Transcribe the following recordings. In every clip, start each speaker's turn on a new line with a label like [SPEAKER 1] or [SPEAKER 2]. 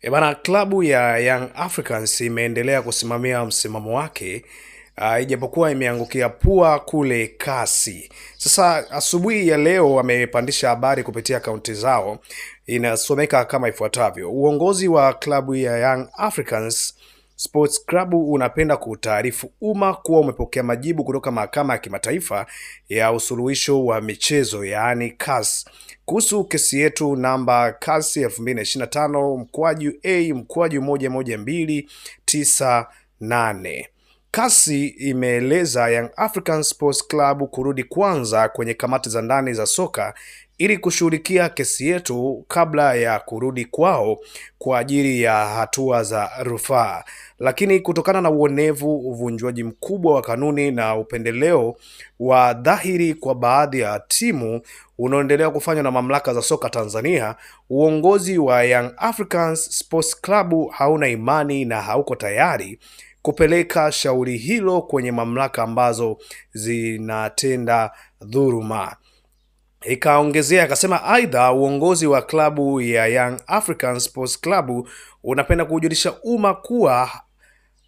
[SPEAKER 1] E bana, klabu ya Young Africans imeendelea kusimamia msimamo wake uh, ijapokuwa imeangukia pua kule kasi. Sasa asubuhi ya leo wamepandisha habari kupitia akaunti zao, inasomeka kama ifuatavyo: uongozi wa klabu ya Young Africans Sports Club unapenda kuutaarifu umma kuwa umepokea majibu kutoka mahakama ya kimataifa ya usuluhisho wa michezo yaani CAS kuhusu kesi yetu namba CAS 2025 mkwaju A mkwaju 11298. CAS imeeleza Young African Sports Club kurudi kwanza kwenye kamati za ndani za soka ili kushughulikia kesi yetu kabla ya kurudi kwao kwa ajili ya hatua za rufaa. Lakini kutokana na uonevu, uvunjwaji mkubwa wa kanuni na upendeleo wa dhahiri kwa baadhi ya timu unaoendelea kufanywa na mamlaka za soka Tanzania, uongozi wa Young Africans Sports Club hauna imani na hauko tayari kupeleka shauri hilo kwenye mamlaka ambazo zinatenda dhuluma. Ikaongezea akasema, aidha uongozi wa klabu ya Young African Sports Club unapenda kujulisha umma kuwa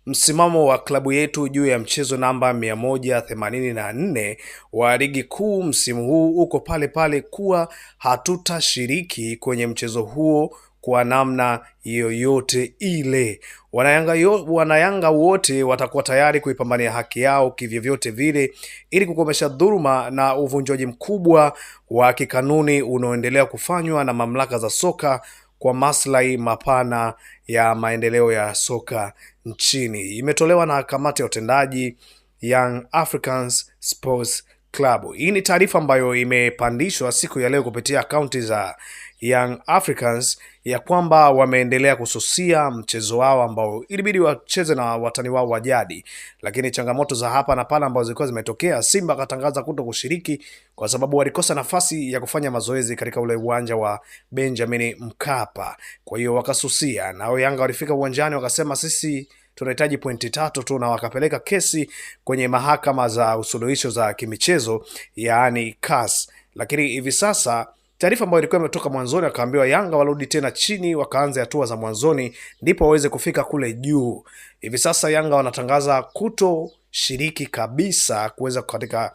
[SPEAKER 1] msimamo wa klabu yetu juu ya mchezo namba 184 wa ligi kuu msimu huu uko pale pale, kuwa hatutashiriki kwenye mchezo huo kwa namna yoyote ile. Wanayanga, yo, wanayanga wote watakuwa tayari kuipambania haki yao kivyovyote vile ili kukomesha dhuluma na uvunjaji mkubwa wa kikanuni unaoendelea kufanywa na mamlaka za soka kwa maslahi mapana ya maendeleo ya soka nchini. Imetolewa na kamati ya utendaji Young Africans Sports Club. Hii ni taarifa ambayo imepandishwa siku ya leo kupitia akaunti za Young Africans ya kwamba wameendelea kususia mchezo wao ambao ilibidi wacheze na watani wao wa jadi, lakini changamoto za hapa na pale ambazo zilikuwa zimetokea, Simba akatangaza kuto kushiriki kwa sababu walikosa nafasi ya kufanya mazoezi katika ule uwanja wa Benjamin Mkapa, kwa hiyo wakasusia. Nao Yanga walifika uwanjani wakasema sisi tunahitaji pointi tatu tu, na wakapeleka kesi kwenye mahakama za usuluhisho za kimichezo, yaani CAS, lakini hivi sasa Taarifa ambayo ilikuwa imetoka mwanzoni, wakaambiwa Yanga warudi tena chini, wakaanza hatua za mwanzoni ndipo waweze kufika kule juu. Hivi sasa Yanga wanatangaza kutoshiriki kabisa kuweza katika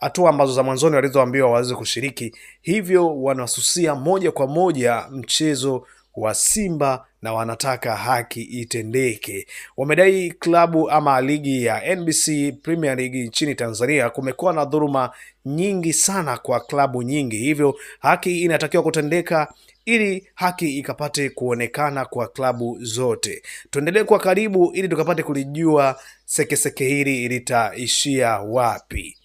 [SPEAKER 1] hatua ambazo za mwanzoni walizoambiwa waweze kushiriki, hivyo wanasusia moja kwa moja mchezo wa Simba na wanataka haki itendeke. Wamedai klabu ama ligi ya NBC Premier League nchini Tanzania kumekuwa na dhuruma nyingi sana kwa klabu nyingi, hivyo haki inatakiwa kutendeka ili haki ikapate kuonekana kwa klabu zote. Tuendelee kwa karibu ili tukapate kulijua sekeseke hili litaishia wapi.